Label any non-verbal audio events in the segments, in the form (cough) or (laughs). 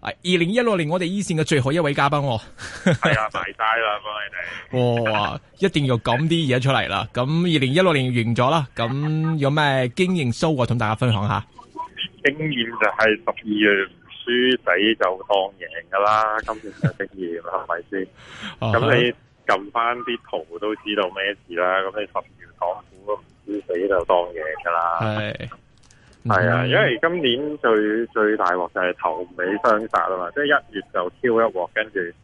係二零一六年我哋一線嘅最後一位嘉賓，係啊，埋晒啦，哥你哋哇，一定要講啲嘢出嚟啦。咁二零一六年完咗啦，咁有咩經驗 show 我同大家分享下？經驗就係十二月唔輸死就當贏噶啦， (laughs) 今次嘅經驗係咪先？咁、 (laughs) 哦、你撳翻啲圖都知道咩事啦。咁你十二月當都唔輸死就當贏噶啦。 (laughs) (laughs) 係啊，因為今年最最大鑊就係頭尾雙殺啊嘛，即係一月就超一鑊，跟住十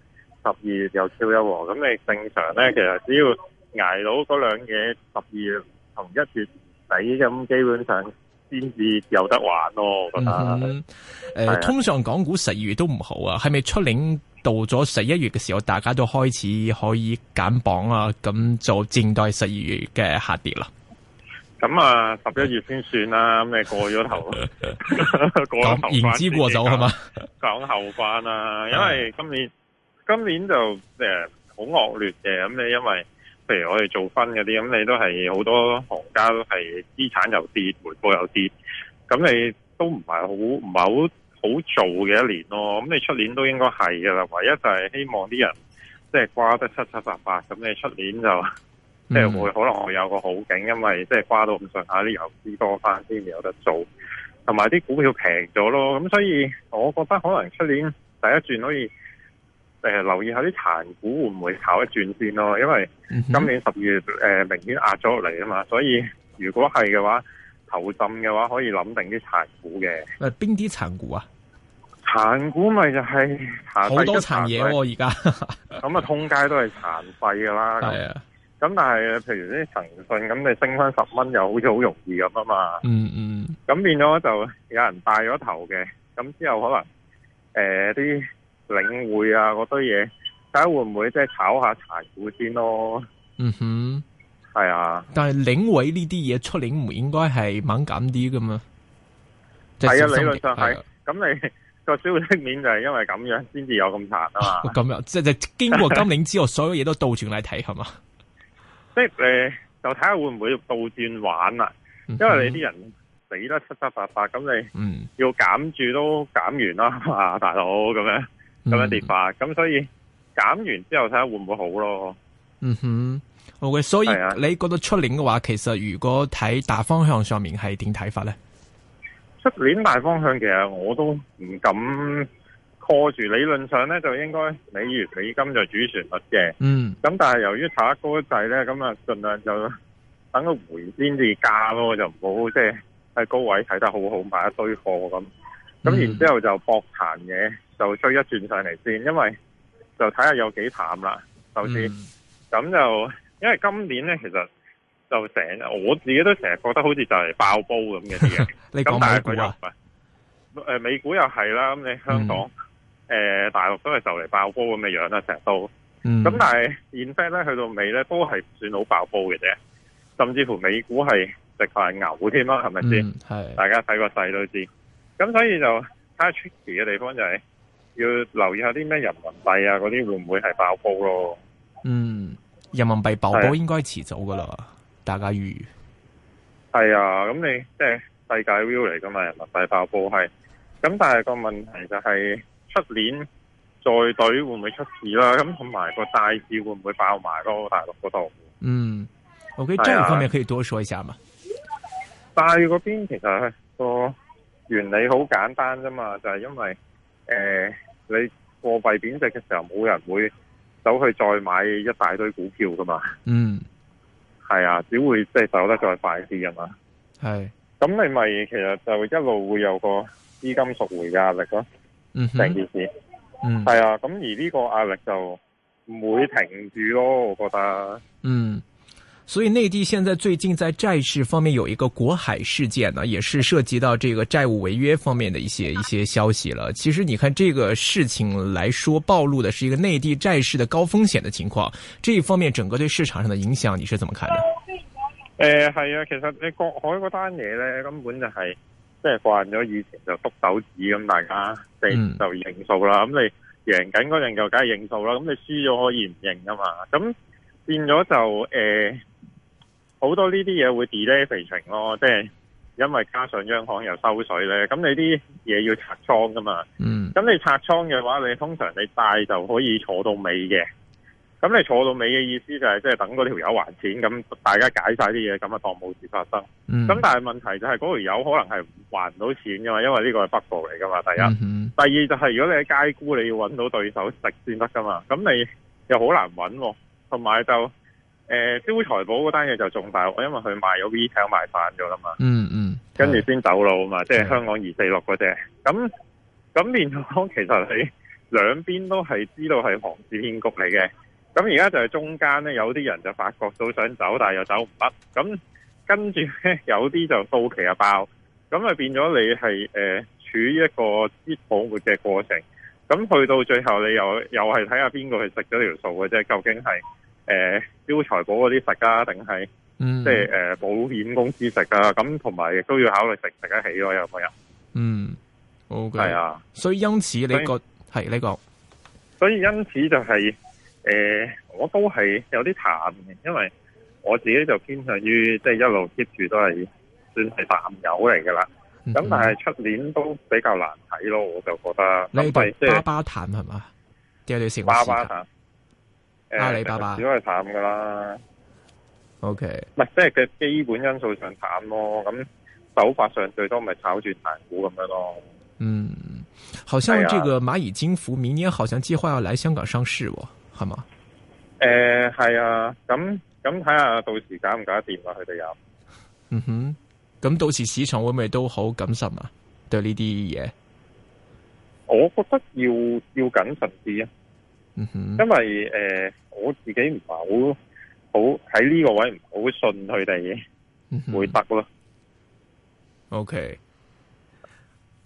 二月又超一鑊。咁你正常咧，其實只要捱到嗰兩嘢，十二月同一月底咁，基本上先至有得玩咯。咁誒、嗯呃啊，通常港股十二月都唔好啊，係咪出年到咗十一月嘅時候，大家都開始可以減磅啊？咁就靜待十二月嘅下跌啦。咁啊，十一月先算啦，咁你過咗頭，講 (laughs) (laughs) 言之過早係嘛？講後關啦、啊， (laughs) 因為今年今年就誒好惡劣嘅，咁你因為譬如我哋做分嗰啲，咁你都係好多行家都係資產又跌，回報又跌，咁你都唔係好唔係好好做嘅一年咯。咁你出年都應該係㗎啦，唯一就係希望啲人即係、就是、瓜得七七八八，咁你出年就。即係會可能我有個好景，因為即係瓜到咁上下啲油資多翻，先至有得做，同埋啲股票平咗咯，咁所以我覺得可能出年第一轉可以誒留意下啲殘股會唔會炒一轉先咯，因為今年十月誒明顯壓咗落嚟，啊嘛，所以如果係嘅話，頭浸嘅話可以諗定啲殘股嘅。誒，邊啲殘股啊？殘股咪就係好多殘嘢，而家咁啊，通街都係殘廢噶啦。係啊。 (laughs) 咁但係，譬如啲騰訊咁，你升翻十蚊又好似好容易咁啊嘛。嗯嗯。咁變咗就有人帶咗頭嘅，咁之後可能誒啲、呃、領匯啊嗰堆嘢，睇下會唔會即係炒下殘股先咯。嗯哼，係啊。但係領匯呢啲嘢出領唔應該係敏感啲噶嘛？係、就是、啊，理論上係。咁、哎、你個消息面就係因為咁樣先至有咁殘啊嘛。咁、啊、樣即係、就是、經過今年之後， (laughs) 所有嘢都倒轉嚟睇係嘛？即係誒，就睇下會唔會倒轉玩啦，因為你啲人死得七七八八，咁你要減住都減完啦，吓大佬，咁樣咁樣跌法，咁所以減完之後睇下會唔會好咯。嗯哼，好嘅，所以你覺得出年嘅話，其實如果睇大方向上面係點睇法呢？出年大方向其實我都唔敢。靠住理論上咧，就應該美元美金就主旋律嘅。嗯。咁但係由於睇得高得滯咧，咁啊，盡量就等佢回先至加咯，就唔好即係喺高位睇得好好買一堆貨咁。咁、嗯、然之後就博淡嘅，就吹一轉上嚟先，因為就睇下有幾淡啦。首、就、先、是，咁、嗯、就因為今年咧，其實就成日我自己都成日覺得好似就係爆煲咁嘅啲嘢。 (laughs) 你講美股啊？誒、呃，美股又係啦。咁你香港？嗯誒、嗯，大陸都係就嚟爆煲咁嘅樣啦，成日都咁。但係 in fact 咧，去到尾咧都係唔算好爆煲嘅啫。甚至乎美股係食飯牛添啦，係咪先？係、嗯、大家睇個勢都知。咁所以就睇下出奇嘅地方就係、是、要留意一下啲咩人民幣啊，嗰啲會唔會係爆煲咯？嗯，人民幣爆煲應該遲早噶啦，大家預係啊。咁你即係世界 view 嚟噶嘛？人民幣爆煲係咁，但係個問題就係、是。出年在隊會唔會出事啦？咁同埋個大市會唔會爆埋咯？大陸嗰度嗯，OK，這一、啊、方面可以多說一下嘛。大陸嗰邊其實、那個原理好簡單啫嘛，就係、是、因為誒、呃、你貨幣貶值嘅時候，冇人會走去再買一大堆股票噶嘛。嗯，係啊，只會即係走得再快啲啊嘛。係，咁你咪其實就一路會有個資金贖回嘅壓力咯。嗯哼，成件事，嗯，係啊，咁而呢個壓力就唔會停住咯，我覺得。嗯，所以內地現在最近在債市方面有一個國海事件呢，也是涉及到這個債務違約方面的一些一些消息了。其實你看這個事情來說，暴露的是一個內地債市的高風險的情況。這一方面，整個對市場上的影響，你是怎麼看的？誒，係啊，其實你國海嗰單嘢咧，根本就係、是。即係慣咗以前就篤手指咁，大家就認數啦。咁、mm. 你贏緊嗰陣就梗係認數啦。咁你輸咗可以唔認噶嘛？咁變咗就誒好、呃、多呢啲嘢會 delay 肥情咯。即係因為加上央行又收水咧，咁你啲嘢要拆倉噶嘛？咁、mm. 你拆倉嘅話，你通常你帶就可以坐到尾嘅。咁你坐到尾嘅意思就係即係等嗰條友還錢，咁大家解晒啲嘢，咁啊當冇事發生。咁、嗯、但係問題就係嗰條友可能係還唔到錢噶嘛，因為呢個係北部嚟噶嘛。第一，嗯嗯、第二就係如果你喺街沽，你要搵到對手食先得噶嘛。咁你又好難搵、啊，同埋就誒招財寶嗰單嘢就仲大，因為佢賣咗 v t a 賣返咗啦嘛。嗯嗯，跟住先走佬啊嘛，即、嗯、係、就是、香港二四六嗰隻。咁咁連其實你兩邊都係知道係龐氏騙局嚟嘅。咁而家就係中間咧，有啲人就發覺到想走，但係又走唔甩。咁跟住咧，有啲就到期啊爆。咁啊變咗你係誒、呃、處於一個啲保活嘅過程。咁去到最後，你又又係睇下邊個去食咗條數嘅啫。即究竟係誒招財寶嗰啲食啊，定、呃、係、嗯、即係誒、呃、保險公司食啊？咁同埋亦都要考慮食食得起咯，有冇人？嗯，OK，係啊。所以因此呢個係呢個？所以因此就係、是。誒、呃，我都係有啲淡嘅，因為我自己就偏向於即係一路 keep 住都係算係淡友嚟噶啦。咁、嗯嗯、但係出年都比較難睇咯，我就覺得呢度即係巴巴淡係嘛？巴巴淡，阿里巴巴都係淡噶啦。OK，係即係嘅基本因素上淡咯。咁手法上最多咪炒住彈股咁樣咯。嗯，好像這個螞蟻金服明年好像計劃要來香港上市、哦，我、啊。係嘛？誒，係啊，咁咁睇下到時搞唔搞得掂啦。佢哋有，嗯哼，咁到時市場會唔會都好謹慎啊？對呢啲嘢，我覺得要要謹慎啲啊。嗯哼，因為誒、呃，我自己唔係好好喺呢個位唔好信佢哋，會得咯。O、嗯、K。Okay.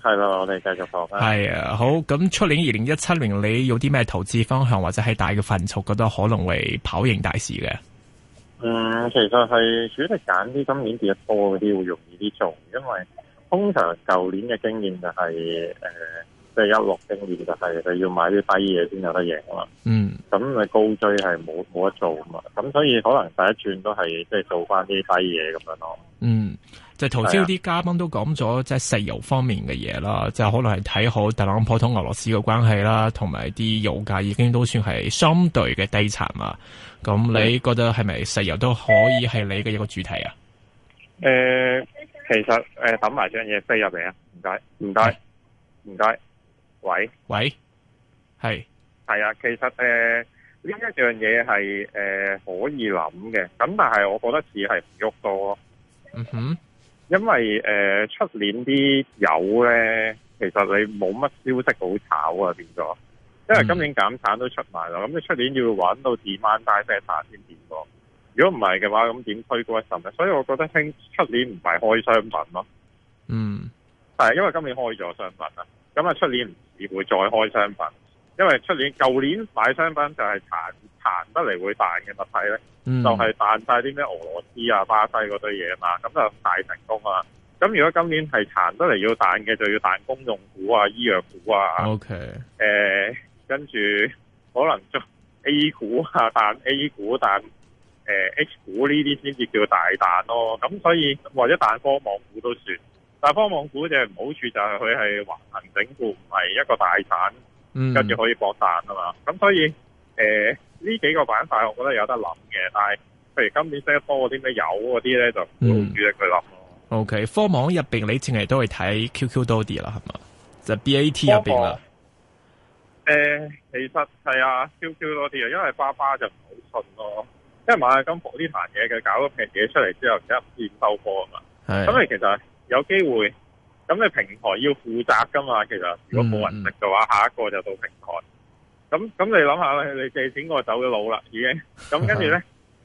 係啦，我哋繼續講啦。係啊，好。咁出年二零一七年，2017，你有啲咩投資方向或者係大嘅範疇，覺得可能會跑贏大市嘅？嗯，其實係主要係揀啲今年跌得多嗰啲會容易啲做，因為通常舊年嘅經驗就係、是、誒。呃即係一落經驗就係，就要買啲低嘢先有得贏啊嘛。嗯，咁咪高追係冇冇得做啊嘛。咁所以可能第一轉都係即係做翻啲低嘢咁樣咯。嗯，就頭先啲嘉賓都講咗，即係石油方面嘅嘢啦，就可能係睇好特朗普同俄羅斯嘅關係啦，同埋啲油價已經都算係相對嘅低殘啊。咁你覺得係咪石油都可以係你嘅一個主題啊？誒、嗯，其實誒抌埋張嘢飛入嚟啊！唔、嗯、該，唔、嗯、該，唔、嗯、該。嗯嗯嗯嗯喂喂，係係啊，其實誒呢一樣嘢係誒可以諗嘅，咁但係我覺得似係唔喐到咯。嗯哼，因為誒出年啲油咧，其實你冇乜消息好炒啊，變咗，因為今年減產都出埋啦，咁你出年要揾到 demand 大啲先變多。如果唔係嘅話，咁點推高一成咧？所以我覺得聽出年唔係開商品咯。嗯，係因為今年開咗商品啊。咁啊，出年唔會再開商品，因為出年舊年買商品就係殘殘得嚟會彈嘅物體咧、嗯，就係、是、彈晒啲咩俄羅斯啊、巴西嗰堆嘢嘛，咁就大成功啊！咁如果今年係殘得嚟要彈嘅，就要彈公用股啊、醫藥股啊。O、okay. K、呃。誒，跟住可能做 A 股啊，彈 A 股，彈誒、呃、H 股呢啲先至叫大彈咯。咁所以或者彈科網股都算。但科網股嘅唔好處就係佢係橫行整固，唔係一個大產，跟、嗯、住可以博彈啊嘛。咁所以誒呢、呃、幾個板塊，我覺得有得諗嘅。但係譬如今年先多嗰啲咩有嗰啲咧，就唔好主力佢諗咯。嗯、o、okay, K，科網入邊你淨係都係睇 Q Q 多啲啦，係嘛？就 B A T 入邊啦。誒、呃，其實係啊，Q Q 多啲啊，因為爸爸就唔好信咯，因為買金博呢壇嘢嘅搞咗平嘢出嚟之後，而家變收貨啊嘛。係咁，其實。有機會，咁你平台要負責噶嘛？其實如果冇人食嘅話，下一個就到平台。咁咁你諗下啦，你借錢個走咗佬啦，已經。咁跟住呢，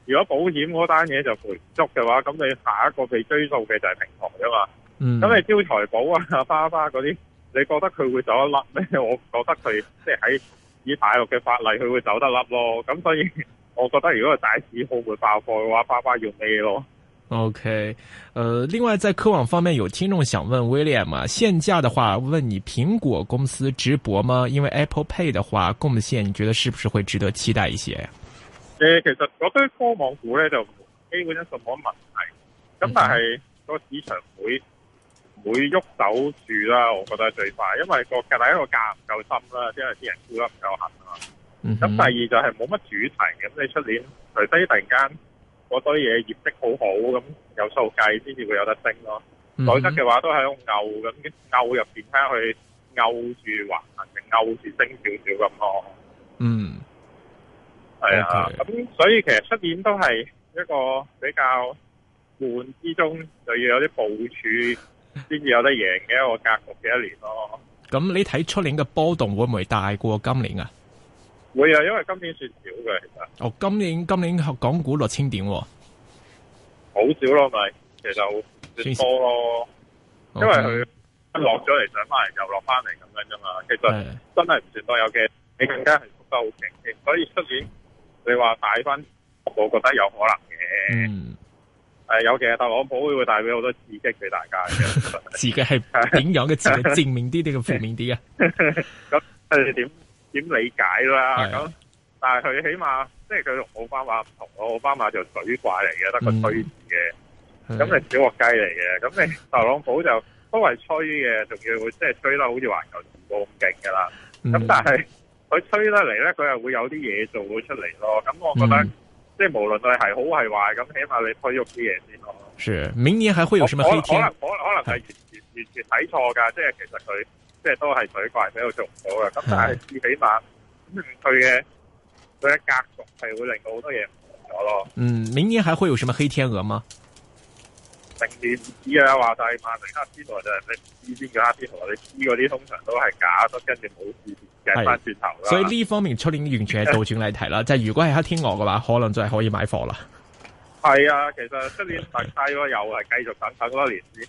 如果保險嗰單嘢就賠唔足嘅話，咁你下一個被追訴嘅就係平台啫嘛。咁你招財寶啊、花花嗰啲，你覺得佢會走得甩咩？我覺得佢即係喺以大陸嘅法例，佢會走得甩咯。咁所以，我覺得如果個大市好會爆貨嘅話，花花要咩咯？O、okay, K，呃，另外在科網方面，有聽眾想問 William 啊，現價的話問你蘋果公司直播嗎？因為 Apple Pay 的話貢獻，供的線你覺得是不是會值得期待一些誒，其實嗰堆科網股咧就冇，基本上沒有冇問題。咁但係個市場會、mm -hmm. 會喐手住啦，我覺得係最快，因為個第一個價唔夠深啦，因為啲人沽得唔夠狠啊嘛。咁第二就係冇乜主題，咁你出年除非突然間。嗰堆嘢業績好好，咁有數計先至會有得升咯。否則嘅話，都喺度拗咁拗入邊，睇下佢拗住橫行定拗住升少少咁咯。嗯，係啊。咁所以其實出年都係一個比較悶之中，就要有啲部署先至有得贏嘅一個格局嘅一年咯。咁你睇出年嘅波動會唔會大過今年啊？會啊，因為今年算少嘅其實。哦，今年今年港股落千點，哦，好少咯咪，其實算多咯，因為佢一落咗嚟，okay. 嗯、了來上翻嚟又落翻嚟咁樣啫嘛。其實真係唔算多，尤其你更加係跌得好勁嘅。所以出年你話大翻，我覺得有可能嘅。嗯，誒尤其特朗普會會帶俾好多刺激俾大家。嘅。 (laughs) 自己係點樣嘅自己正面啲定係負面啲啊？咁係點？ (laughs) (laughs) 點理解啦？咁、啊、但係佢起碼，即係佢同奧巴馬唔同咯。奧巴馬就水怪嚟嘅，得個吹字嘅。咁、嗯、你小學雞嚟嘅，咁、啊、你特朗普就都係吹嘅，仲要即係吹得好似環球時報咁勁噶啦。咁、嗯、但係佢吹得嚟咧，佢又會有啲嘢做出嚟咯。咁我覺得，嗯、即係無論佢係好係壞，咁起碼你推咗啲嘢先咯。明年還會有什麼黑天？可能可能係完全完全睇錯噶，即係其實佢。即係都係水怪，不，比較做唔到嘅。咁但係，至起碼佢嘅佢嘅格局係會令到好多嘢唔同咗咯。嗯，明年還會有什麼黑天鵝嗎？成年啲啦，話晒嘛，黑天鵝就係你知邊個黑天鵝？你知嗰啲通常都係假，都跟住冇事嘅，翻轉頭啦。所以呢方面出年完全係倒轉嚟睇啦， (laughs) 就係如果係黑天鵝嘅話，可能就係可以買貨啦。係啊，其實出年實際我又係繼續等等多年先。